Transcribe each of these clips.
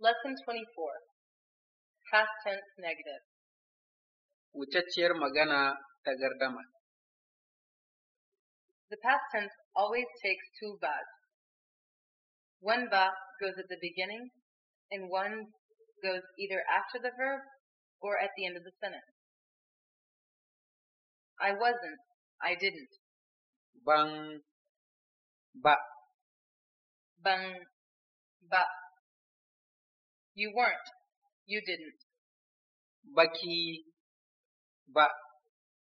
Lesson 24 Past Tense Negative magana The past tense always takes two ba's. One ba goes at the beginning and one goes either after the verb or at the end of the sentence. I wasn't, I didn't. Bang, ba. Bang, ba. You weren't. You didn't. Baki ba.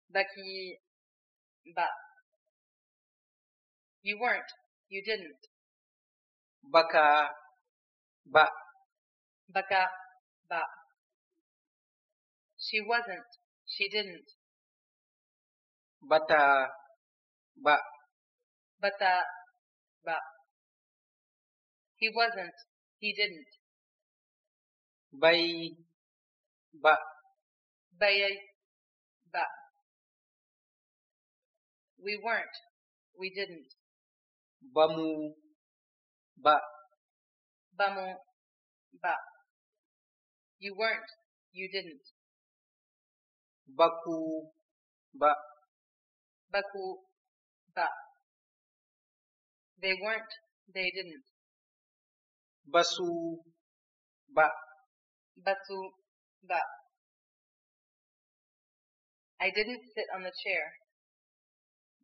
Baki ba. You weren't. You didn't. Baka ba. Baka ba. She wasn't. She didn't. Bata ba. Bata ba. He wasn't. He didn't. Bay. Ba. Bay. Ba. We weren't. We didn't. Bamu. Ba. Bamu. Ba. You weren't. You didn't. Baku. Ba. Baku. Ba. They weren't. They didn't. Basu. Ba. Batsu ba. I didn't sit on the chair.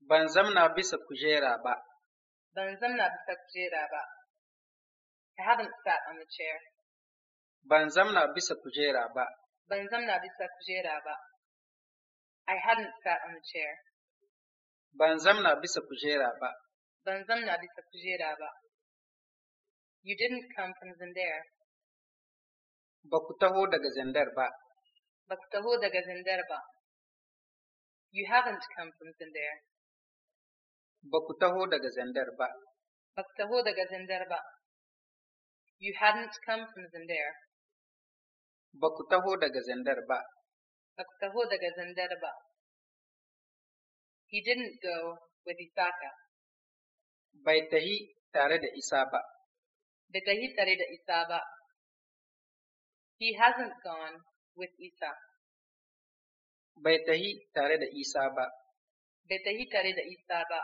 Ban zamna bisa kujera ba. Ban zamna bisa kujera ba. I haven't sat on the chair. Ban zamna bisa kujera ba. Ban zamna bisa kujera ba. I hadn't sat on the chair. Ban zamna bisa kujera ba. Ban zamna bisa kujera ba. You didn't come from Zindare ba taho daga ba. taho daga ba. You haven't come from Zandar. Ba taho daga ba. taho daga ba. You hadn't come from Zandar. Ba taho daga ba. taho daga ba. He didn't go with Isaka. Bai tahi tare da Isa ba. Bai tahi tare da Isa ba. He hasn't gone with Isa. bai tahi tare da Isa ba. Bai tahi tare da Isa ba.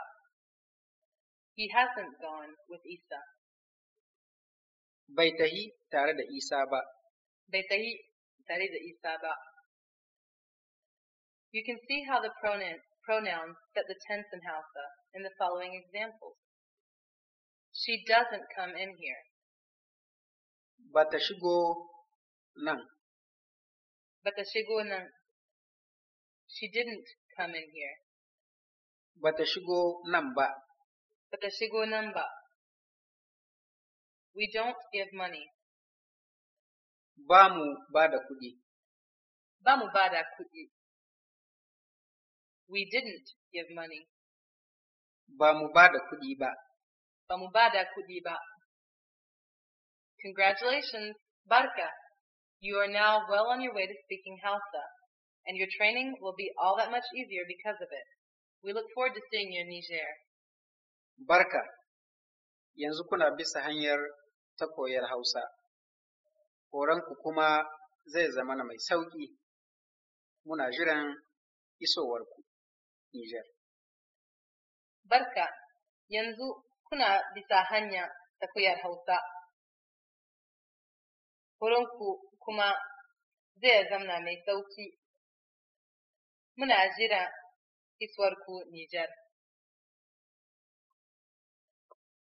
He hasn't gone with Isa. Bai tahi tare da Isa ba. Bai tahi tare da Isa ba. You can see how the pronoun, pronouns set the tense in Hausa in the following examples. She doesn't come in here. Bata shigo None. But the Shigunan, she didn't come in here. But the Shigo Namba. But the Shigo Namba. We don't give money. Bamu bada kudi. Bamu bada kudi. We didn't give money. Bamu bada kudi ba. Bamu bada kudi ba. Congratulations, Barca. You are now well on your way to speaking Hausa, and your training will be all that much easier because of it. We look forward to seeing you in Niger. Barka, yanzu kuna bisa hanyar ta koyar Hausa, horonku kuma zai zama na mai sauƙi, muna jiran isowarku, Niger. Barka, yanzu kuna bisa hanya ta koyar Hausa, horonku kuma zai zamna mai sauki. Muna jiran iswarku Nijar.